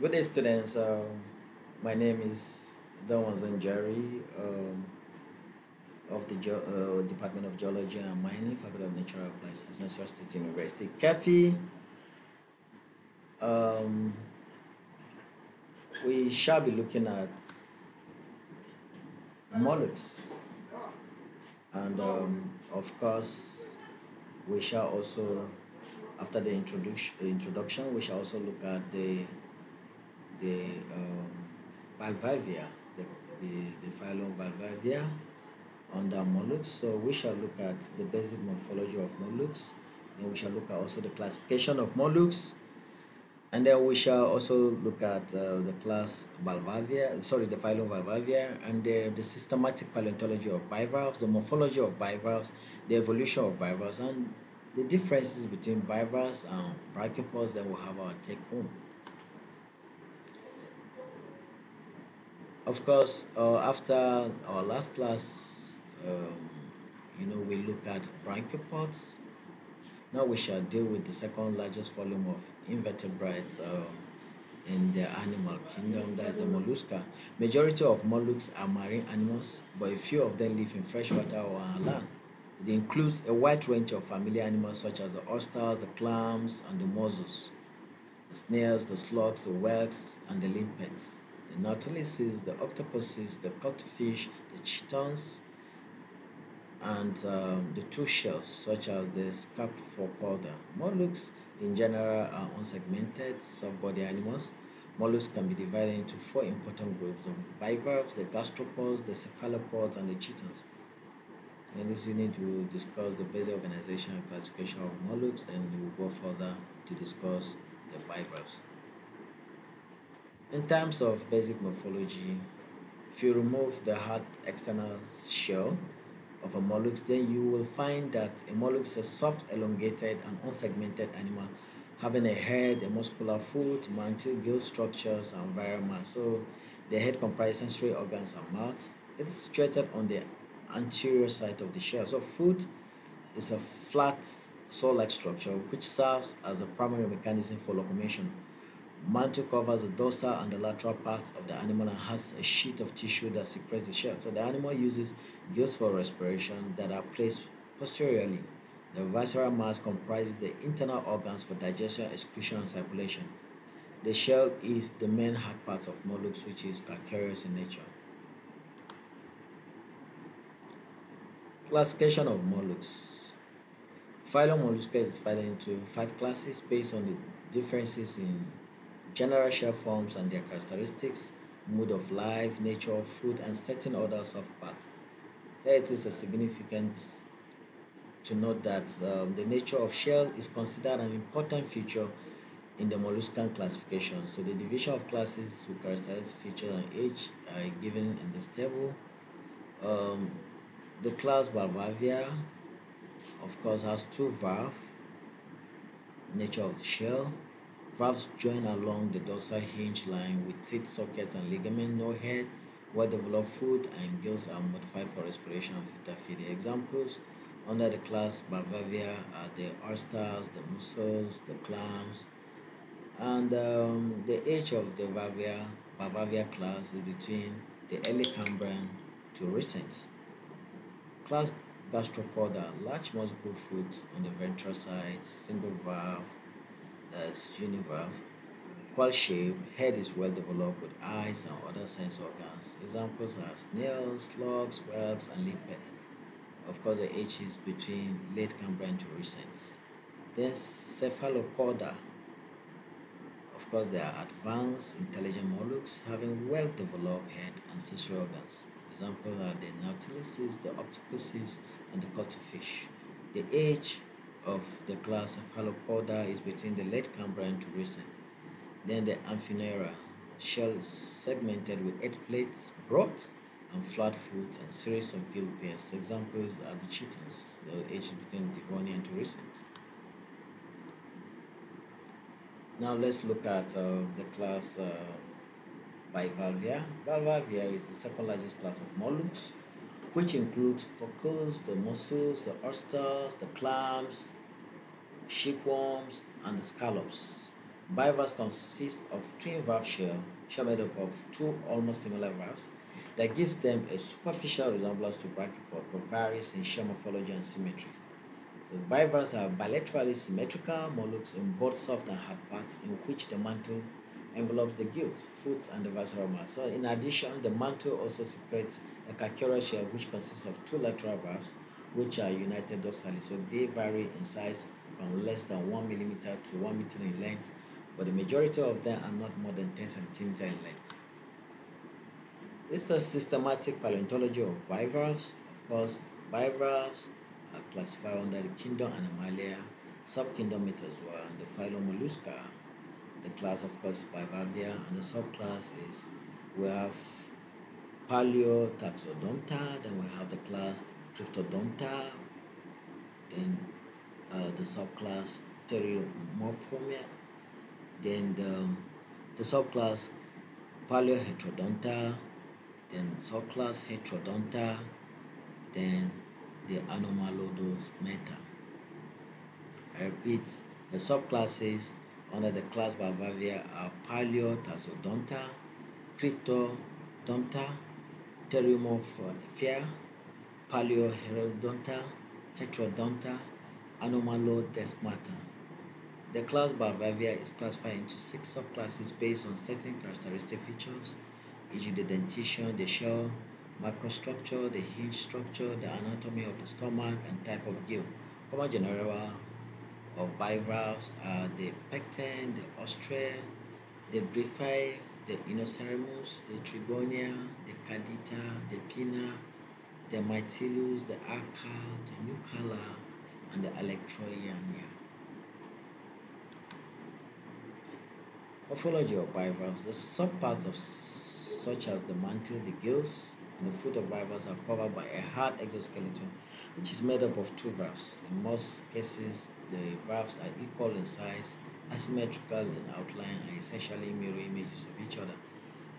Good day, students. Um, my name is Don Zanjari um, of the Ge uh, Department of Geology and Mining, Faculty of Natural Applied Sciences, State University, CAFI. Um, we shall be looking at mollusks and um, of course we shall also after the introduction introduction we shall also look at the the um, Valvivia, the, the, the phylum Valvivia under mollusks. So we shall look at the basic morphology of mollusks. and we shall look at also the classification of mollusks. And then we shall also look at uh, the class Valvavia, sorry, the phylum Valvavia, and the, the systematic paleontology of bivalves, the morphology of bivalves, the evolution of bivalves, and the differences between bivalves and brachiopods. Then we'll have our take home. Of course, uh, after our last class, um, you know, we look at brachiopods. Now we shall deal with the second largest volume of invertebrates um, in the animal kingdom, that's the mollusca. Majority of mollusks are marine animals, but a few of them live in freshwater or on land. It includes a wide range of familiar animals such as the oysters, the clams, and the mussels, the snails, the slugs, the whelks, and the limpets the nautiluses, the octopuses, the cuttlefish, the chitons, and um, the two shells such as the powder. Mollusks in general are unsegmented soft-body animals. Mollusks can be divided into four important groups of bivalves, the gastropods, the cephalopods, and the chitons. So in this unit, we will discuss the basic organization and classification of mollusks, and we will go further to discuss the bivalves. In terms of basic morphology, if you remove the hard external shell of a mollusk, then you will find that a mollusk is a soft, elongated, and unsegmented animal having a head, a muscular foot, mantle, gill structures, and viral So the head comprises sensory organs and mouth. It's situated on the anterior side of the shell. So foot is a flat saw-like structure which serves as a primary mechanism for locomotion. Mantle covers the dorsal and the lateral parts of the animal and has a sheet of tissue that secretes the shell. So the animal uses gills for respiration that are placed posteriorly. The visceral mass comprises the internal organs for digestion, excretion, and circulation. The shell is the main hard part of mollusks, which is calcareous in nature. Classification of mollusks. Phylum Mollusca is divided into five classes based on the differences in general shell forms and their characteristics, mode of life, nature, of food, and certain others of parts. Here it is significant to note that um, the nature of shell is considered an important feature in the molluscan classification. So the division of classes with characterize features, and age are uh, given in this table. Um, the class Barbavia, of course, has two valves. nature of shell, Valves join along the dorsal hinge line with seat sockets and ligament no head. Well-developed foot and gills are modified for respiration and feeding Examples under the class Bavavia are the oysters, the mussels, the clams, and um, the age of the Bavavia, Bavavia class is between the early Cambrian to recent. Class gastropoda, large muscle foot on the ventral side, single valve, as univalve. Quad shaped, head is well developed with eyes and other sense organs. Examples are snails, slugs, whales, and limpet. Of course, the age is between late Cambrian to recent. Then cephalopoda. Of course, they are advanced, intelligent mollusks having well developed head and sensory organs. Examples are the nautiluses, the octopuses, and the cuttlefish. The age of the class of halopoda is between the late Cambrian to recent. Then the Amphinera shell is segmented with eight plates, broad and flat foot, and series of gill pairs. Examples are the chitons, the age between Devonian to recent. Now let's look at uh, the class uh, Bivalvia. Bivalvia is the second largest class of mollusks which includes cockles, the mussels, the oysters, the clams, sheepworms, and the scallops. Bivalves consist of twin valve shell, shell made up of two almost similar valves that gives them a superficial resemblance to brachipod but varies in shell morphology and symmetry. The bivalves are bilaterally symmetrical mollusks in both soft and hard parts in which the mantle envelops the gills, foot, and the visceral mass. So in addition, the mantle also secretes a calcareous shell which consists of two lateral valves which are united dorsally. So they vary in size from less than 1 millimeter to 1 meter in length, but the majority of them are not more than 10 centimeter in length. This is a systematic paleontology of bivalves. Of course, bivalves are classified under the kingdom Animalia, subkingdom Metazoa, and the phylum Mollusca the class of course Pyvandia and the subclass is we have Taxodonta, then we have the class Cryptodonta, then uh, the subclass Pteriomorphomia, then the, the subclass Paleoheterodonta, then subclass Heterodonta, then the Meta. I repeat, the subclasses under the class Barbavia are Paleotasodonta, Cryptodonta, Pteromorphia, Paleoherodonta, Heterodonta, Anomalodesmata. The class Barbavia is classified into six subclasses based on certain characteristic features, e.g. the dentition, the shell, microstructure, the hinge structure, the anatomy of the stomach, and type of gill. Common general of bivalves are the pecten, the ostrel, the briefi, the Inoceramus, the trigonia, the cadita, the pina, the mytilus, the arca, the nucala, and the electroiania. Morphology of bivalves. The soft parts of such as the mantle, the gills, and the foot of rivals are covered by a hard exoskeleton, which is made up of two valves. In most cases, the valves are equal in size, asymmetrical in outline, and essentially mirror images of each other.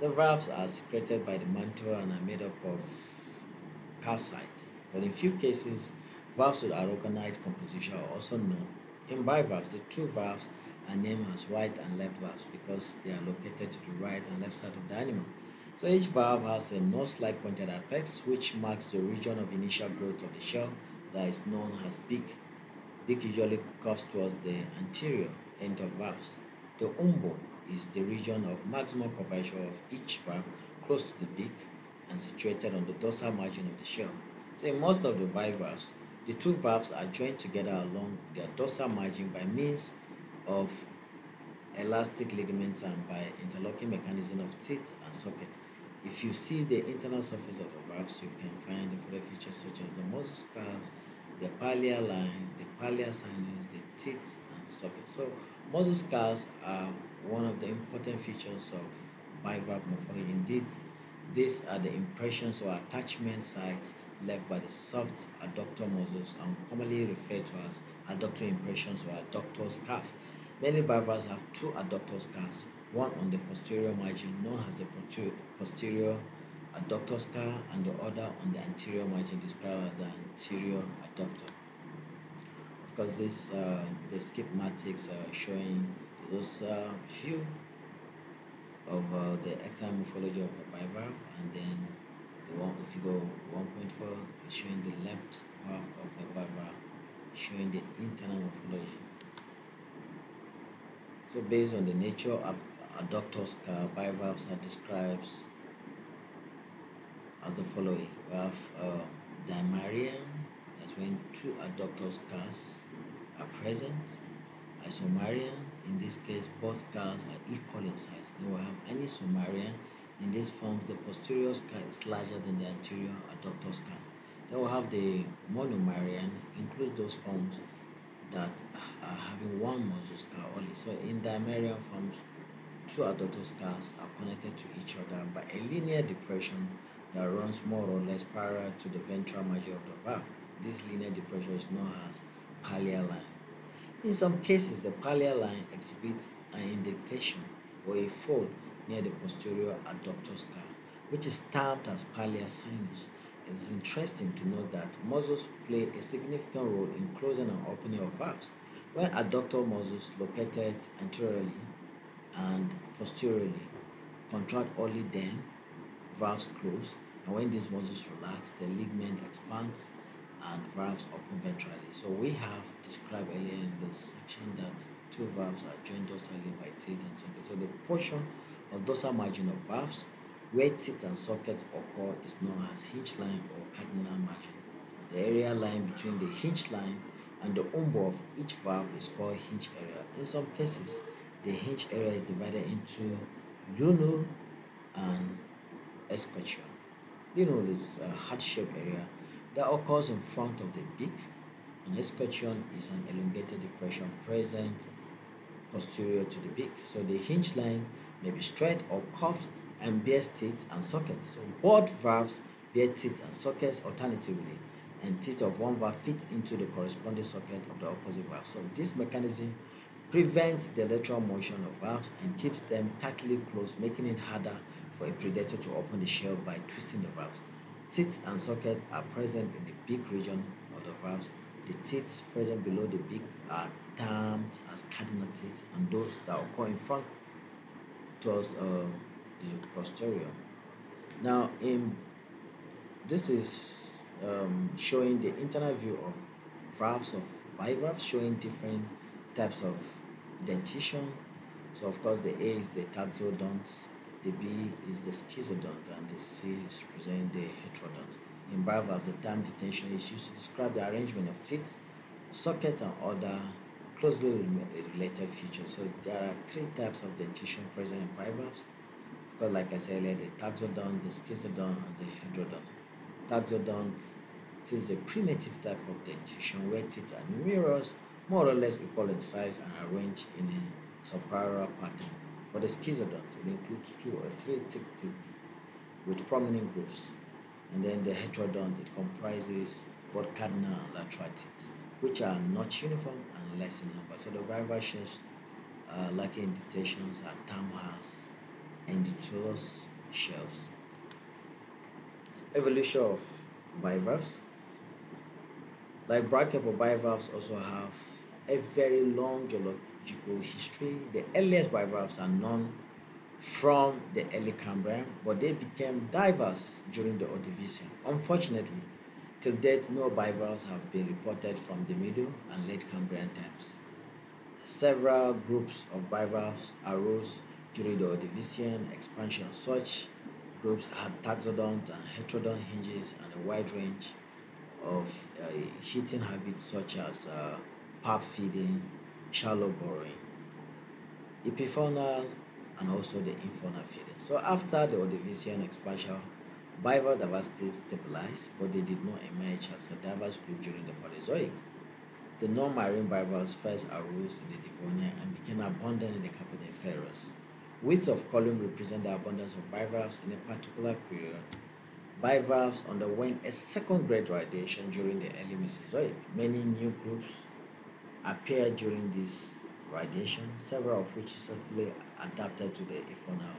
The valves are secreted by the mantle and are made up of calcite, but in few cases, valves with aragonite composition are also known. In bivalves, the two valves are named as right and left valves because they are located to the right and left side of the animal. So each valve has a nose-like pointed apex which marks the region of initial growth of the shell that is known as beak. Beak usually curves towards the anterior end of valves. The umbone is the region of maximum curvature of each valve close to the beak and situated on the dorsal margin of the shell. So in most of the bivalves, the two valves are joined together along their dorsal margin by means of elastic ligaments and by interlocking mechanism of teeth and socket. If you see the internal surface of the valves, you can find the following features such as the muscle scars, the pallial line, the pallial sinus, the teeth, and socket. So muscle scars are one of the important features of bivalve morphology. Indeed, these are the impressions or attachment sites left by the soft adductor muscles and commonly referred to as adductor impressions or adductor scars. Many barbers have two adductor scars, one on the posterior margin known as the posterior adductor scar and the other on the anterior margin described as the anterior adductor. Of course, this uh, the schematics are uh, showing those uh, few of uh, the external morphology of a bivalve and then the one if you go 1.4 showing the left half of a bivalve showing the internal morphology so based on the nature of a doctor's car, bivalves are described as the following. We have uh, um, as that's when two adductors cars are present. Isomeria, in this case, both cars are equal in size. Then we have anisomeria, in this form, the posterior car is larger than the anterior adductor car. Then we have the monomerian, includes those forms that are uh, having one muscle scar only. So in the forms, two adult scars are connected to each other by a linear depression that runs more or less parallel to the ventral margin of the valve. This linear depression is known as pallial line. In some cases, the pallial line exhibits an indentation or a fold near the posterior adductor scar, which is termed as pallial sinus it's interesting to note that muscles play a significant role in closing and opening of valves. When adductor muscles located anteriorly and posteriorly contract only then, valves close, and when these muscles relax, the ligament expands and valves open ventrally. So we have described earlier in this section that two valves are joined dorsally by teeth and socket. So the portion of dorsal margin of valves where teeth and socket occur is known as hinge line or cardinal margin. The area line between the hinge line and the umbo of each valve is called hinge area. In some cases, the hinge area is divided into lunar and escutcheon. Lunar is a uh, heart-shaped area that occurs in front of the beak. An escutcheon is an elongated depression present posterior to the beak. So the hinge line may be straight or curved and bear teeth and sockets. So both valves bear teeth and sockets alternatively, and teeth of one valve fit into the corresponding socket of the opposite valve. So this mechanism prevents the lateral motion of valves and keeps them tightly closed, making it harder for a predator to open the shell by twisting the valves. Teeth and socket are present in the beak region of the valves. The teeth present below the beak are termed as cardinal teeth, and those that occur in front towards uh, the posterior now in this is um, showing the internal view of valves of bigraphs showing different types of dentition so of course the A is the taxodont the B is the schizodont and the C is representing the heterodont in bivalves the term detention is used to describe the arrangement of teeth socket and other closely related features so there are three types of dentition present in bivalves because like I said earlier, the taxodont, the schizodont, and the heterodont. Taxodont it is a primitive type of dentition where teeth are numerous, more or less equal in size and arranged in a spiral pattern. For the schizodont, it includes two or three thick teeth with prominent grooves. And then the heterodont, it comprises both cardinal and lateral teeth, which are not uniform and less in number. So the variable shapes, uh, lacking indentations are termed as indigenous shells. Evolution of bivalves. Like brachypod bivalves also have a very long geological history. The earliest bivalves are known from the early Cambrian, but they became diverse during the Ordovician. Unfortunately, till date, no bivalves have been reported from the Middle and late Cambrian times. Several groups of bivalves arose Curie or Division expansion. Such groups have taxodont and heterodont hinges and a wide range of uh, heating habits such as uh, pap feeding, shallow boring, epifaunal, and also the infaunal feeding. So after the Ordovician expansion, bivalve diversity stabilized, but they did not emerge as a diverse group during the Paleozoic. The non-marine bivalves first arose in the Devonian and became abundant in the Carboniferous. Width of column represent the abundance of bivalves in a particular period. Bivalves underwent a second great radiation during the early Mesozoic. Many new groups appeared during this radiation, several of which successfully adapted to the ephemeral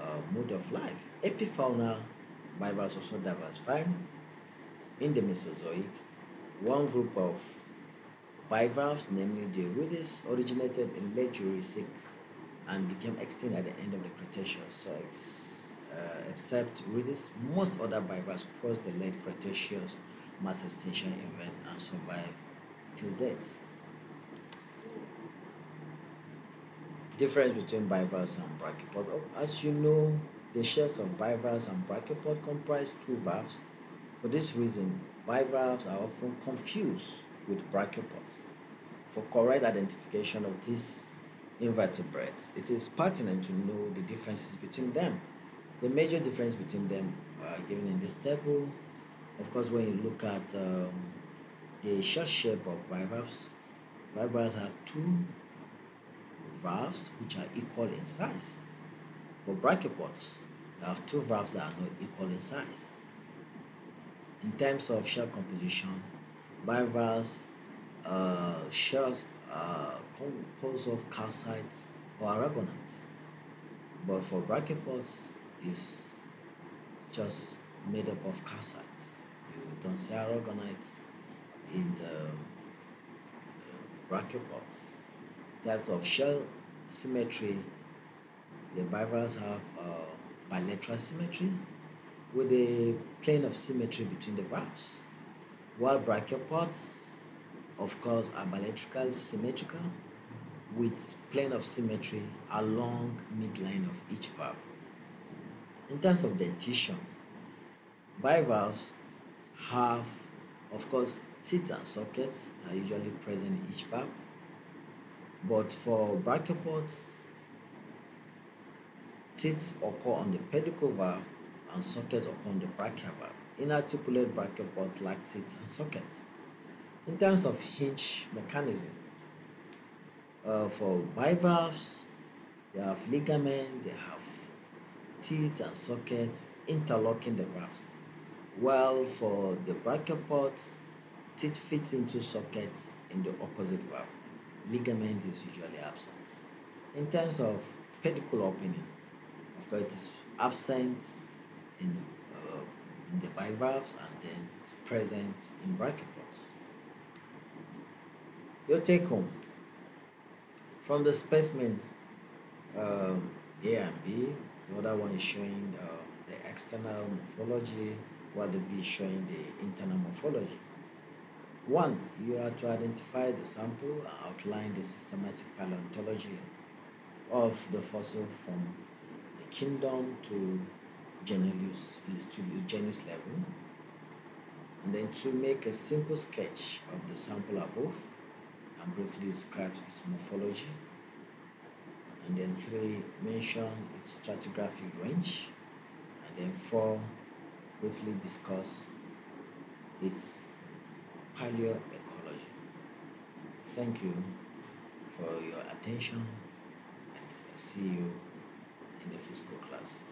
uh, mode of life. Epifauna bivalves also diversified. In the Mesozoic, one group of bivalves, namely the rudis, originated in late Jurassic and became extinct at the end of the Cretaceous. So, ex, uh, except Rudis, most other bivalves crossed the late Cretaceous mass extinction event and survived till date. Difference between bivalves and brachiopods. Oh, as you know, the shells of bivalves and brachiopods comprise two valves. For this reason, bivalves are often confused with brachiopods. For correct identification of these invertebrates, it is pertinent to know the differences between them. The major difference between them are uh, given in this table. Of course, when you look at um, the short shape of bivalves, bivalves have two valves which are equal in size. For brachiopods, they have two valves that are not equal in size. In terms of shell composition, bivalves uh, shells are uh, composed of calcites or aragonites, But for brachiopods, it's just made up of calcites. You don't see aragonites in the uh, brachiopods. That's of shell symmetry. The bivalves have uh, bilateral symmetry with a plane of symmetry between the valves, while brachiopods, of course, are bilaterally symmetrical with plane of symmetry along midline of each valve. In terms of dentition, bivalves have, of course, teeth and sockets are usually present in each valve, but for brachiopods, teeth occur on the pedicle valve and sockets occur on the brachial valve. Inarticulate brachiopods lack teeth and sockets. In terms of hinge mechanism, uh, for bivalves, they have ligament, they have teeth and sockets interlocking the valves. While for the brachiopods, teeth fit into sockets in the opposite valve. Ligament is usually absent. In terms of pedicle opening, of course, it is absent in, uh, in the bivalves and then it's present in brachiopods. Your take home from the specimen um, A and B, the other one is showing um, the external morphology, while the B is showing the internal morphology. One, you are to identify the sample and outline the systematic paleontology of the fossil from the kingdom to genus, is to the genus level. And then to make a simple sketch of the sample above and briefly describe its morphology. And then three, mention its stratigraphic range. And then four, briefly discuss its paleoecology. Thank you for your attention and see you in the physical class.